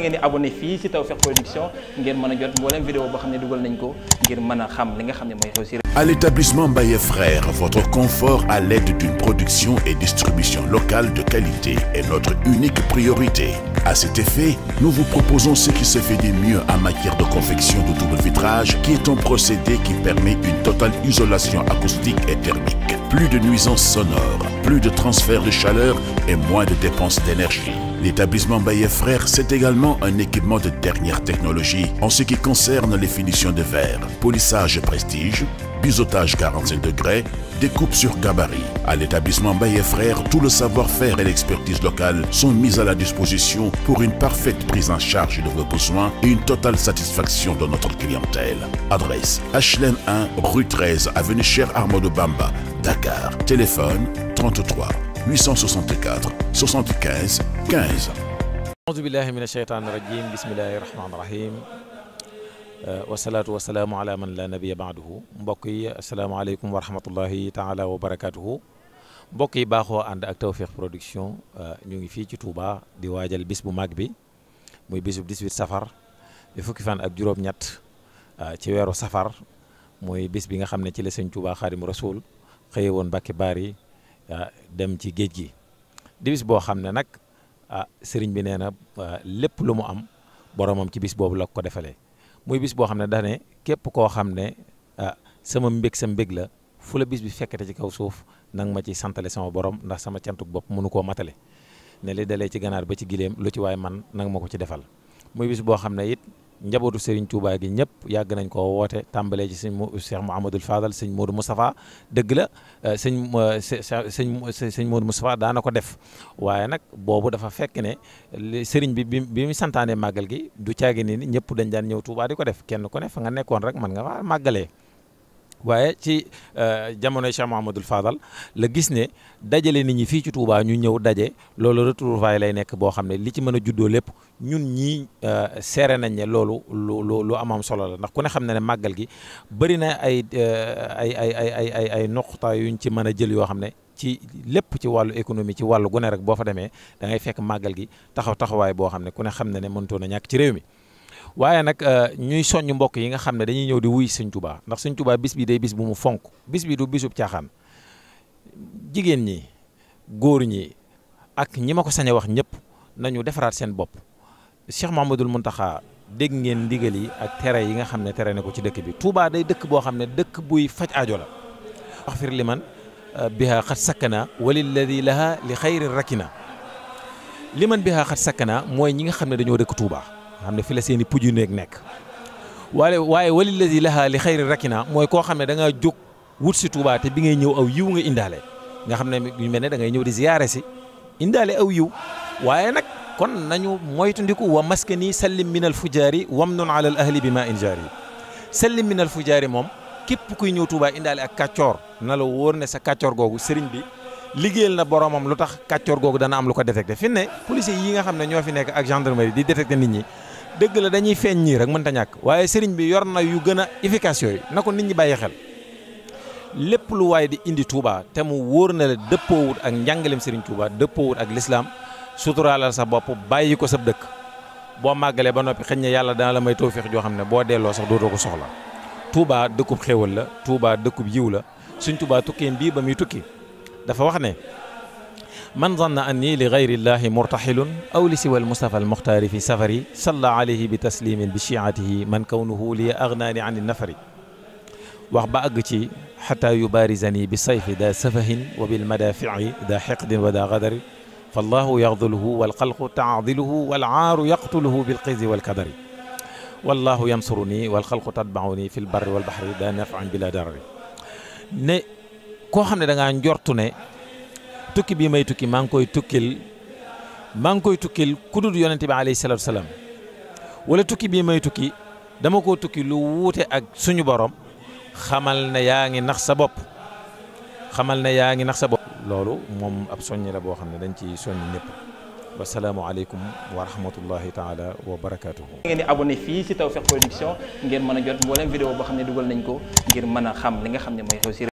ngeen di abonné fii ci Tawfekh Production ngeen a boo xam ne dugal nañ ko ngir mën a xam li nga xam ne mooy xew ci À l'établissement Baye Frères, votre confort à l'aide d'une production et distribution locale de qualité est notre unique priorité. À cet effet, nous vous proposons ce qui se fait de mieux en matière de confection de double vitrage, qui est un procédé qui permet une totale isolation acoustique et thermique. Plus de nuisances sonores plus de transfert de chaleur et moins de dépenses d'énergie. L'établissement Baye Frères, c'est également un équipement de dernière technologie en ce qui concerne les finitions de verre, polissage prestige, biseautage 45 degrés, découpe sur gabarit. À l'établissement Baye Frères, tout le savoir-faire et l'expertise locale sont mis à la disposition pour une parfaite prise en charge de vos besoins et une totale satisfaction de notre clientèle. Adresse HLM 1, 33 864 75 15. aouzu billahi min asheytaani rajim bismillahi rahmaani rahim wasalaatu wasalaamu man la nabiya baaduhu mbokk yi asalaamaaleykum wa rahmatullahi taala wa barakatuhu mbokk yi baaxoo ànd ak Tawfekh Production ñu ngi fii ci Touba di waajal bis bu mag bi muy bisub 18 safar di fukki fan ak juróom-ñett ci weeru safar muy bis bi nga xam ne ci la sëñ Touba Xaadimu Rasuul xëye woon Mbàkke Baari Euh, dem ci géej gi di bis boo xam ne nag ah sëriñ bi nee na ah, lépp lu mu am boromam ci bis boobu la ko defalee muy bis boo xam ne daa képp koo xam ne ah sama mbég sa mbég la fu la bis bi fekkate ci kaw suuf nang ma ci santale sama borom ndax sama cantuk bopp mënu koo matale ne li dalee ci ganaar ba ci gileem lu ci waaye man nang ma ko ci defal muy bis boo xam ne it njabootu Serigne Touba gi ñëpp yàgg nañ ko woote tàmbalee ci sëñ Cheikh Mouhamadul Fadal sëñ Modou Moustapha dëgg la euh, sëñ euh, sëñ sëñ Modou Moustapha daana ko def waaye nag boobu dafa fekk ne Serigne bi bi bi mu santaane màggal gi du caagi ni ñëpp dañ daan ñëw Touba di ko def kenn ku ne fa nga nekkoon rek mën nga faa màggalee. waaye ci euh, jamonoy Cheikh Mouhamadul Fadal la gis ne dajale ni ñi fii ci tuubaa ñu ñëw daje loolu retrouvaille lay nekk boo xam ne li ci mën a juddoo lépp ñun ñii euh, seere nañ ne loolu lu lu lu amam solo la ndax ku ne xam na ne màggal gi bëri na euh, ay ay ay ay ay ay noqta yuñ ci mën a jël yoo xam ne ci lépp ci wàllu économie ci wàllu gune rek boo fa demee da ngay fekk màggal gi taxaw taxawaay boo xam ne ku ne xam na ne mënutoon na ñàkk ci réew mi. waaye nag euh, ñuy soññ mbokk yi nga xam ne dañuy ñëw di wuy Sëñ Tuubaa ndax Sëñ Tuubaa bis bi day bis bu mu fonk bis bi du bisub caaxaan jigéen ñi góor ñi ak ñi ma ko sañ wax ñëpp nañu defaraat seen bopp Cheikh mun taxa dégg ngeen ndigal yi ak tere yi nga xam ne tere ne ko ci dëkk bi Touba day dëkk boo xam ne dëkk buy faj ajo la wax fir li man euh, biha xat sakkana walilladi laha li xayri rakina li man biha xat sakkana mooy ñi nga xam ne dañoo dëkk xam ne fi la seen i puju néeg nekk waaye waaye wali lazi laha li xayri rakina mooy koo xam ne da ngaa jóg wut si Touba te bi ngay ñëw aw yiw nga indaale nga xam ne yu mel ne da ngay ñëw di ziyaare si indaale aw yiw waaye nag kon nañu moytundiku wa maskani sallim minal fujaari wamnun ala al ahli bi ma injaari sallim minal fujaari moom képp kuy ñëw tuubaa indaale ak kàccoor na la woor ne sa kàccoor googu sëriñ bi liggéeyal na boromam lu tax kàccoor googu dana am lu ko détecté fi ne policiers xam ne ñoo fi nekk ak gendarmerie di détecté nit ñi dëgg la dañuy feeñ nii rek mënta ñàkk waaye sëriñ bi yor na yu gën a efficace yooyu na ko nit ñi bàyyi xel lépp lu waaye di indi tuubaa te mu wóor na la dëppoowut ak njàngaleem sëriñ Touba dëppoowut ak lislaam suturaalal sa bopp bàyyi ko sab dëkk boo màggalee ba noppi xëñ na yàlla dana la may tawféex joo xam ne boo delloo sax dootoo ko soxla tuubaa dëkkub xéewal la tuubaa dëkkub yiw la suñ Touba tukkeen bii ba muy tukki dafa wax ne man zanna anni li gayrillahi murtaxilun aw li siwa almustafa almuxtaari fi safari salla alayhi bi taslimin bi chiatihi man kawnuhu li agnaani an nafari wax ba àgg ci xataa yubarisani bi sayfi daa safahin wa bilmadaafici daa xiqdin wa daa gadari fallahu yaxduluhu walxalqu taadiluhu walcaaru yaqtuluhu bilxizi walkadari wallahu yansuruni walxalqu tatbauni fi lbarri walbaxri daa nafan bila darari ne koo xam ne dangaa njortu ne tukki bii may tukki maa ngi koy tukkil maa ngi koy tukkil ku dul yonente bi alayhi salaatu salaam wala tukki bii may tukki dama ko tukki lu wuute ak suñu borom xamal ne yaa ngi nax sa bopp xamal ne yaa ngi nax sa bopp. loolu moom ab soññi la boo xam ne dañ ci soññ ñëpp wasalaamualeykum wa rahmatullahi taala wa barakaatuhu. ngeen di abonné fii a jot mboolem vidéo ngir mën a xam li nga xam ne mooy xew ci